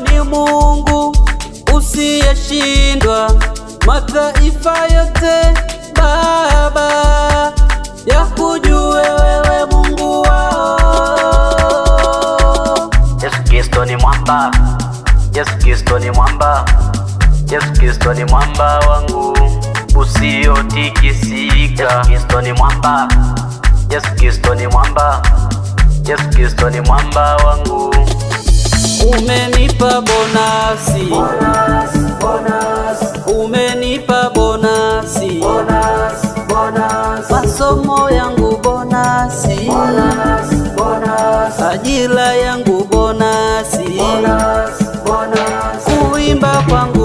ni Mungu usiyeshindwa, mataifa yote Baba yakujue wewe Mungu wao. Yesu Kristo ni mwamba, Yesu Kristo ni mwamba, Yesu Kristo ni mwamba wangu usiotikisika. Yesu Kristo ni mwamba, Yesu Kristo ni mwamba, Yesu Kristo ni mwamba wangu umenipa bonasi bonus, bonus. umenipa bonasi bonus, bonus. masomo yangu bonasi bonus, bonus. ajira yangu bonasi bonus, bonus. kuimba kwangu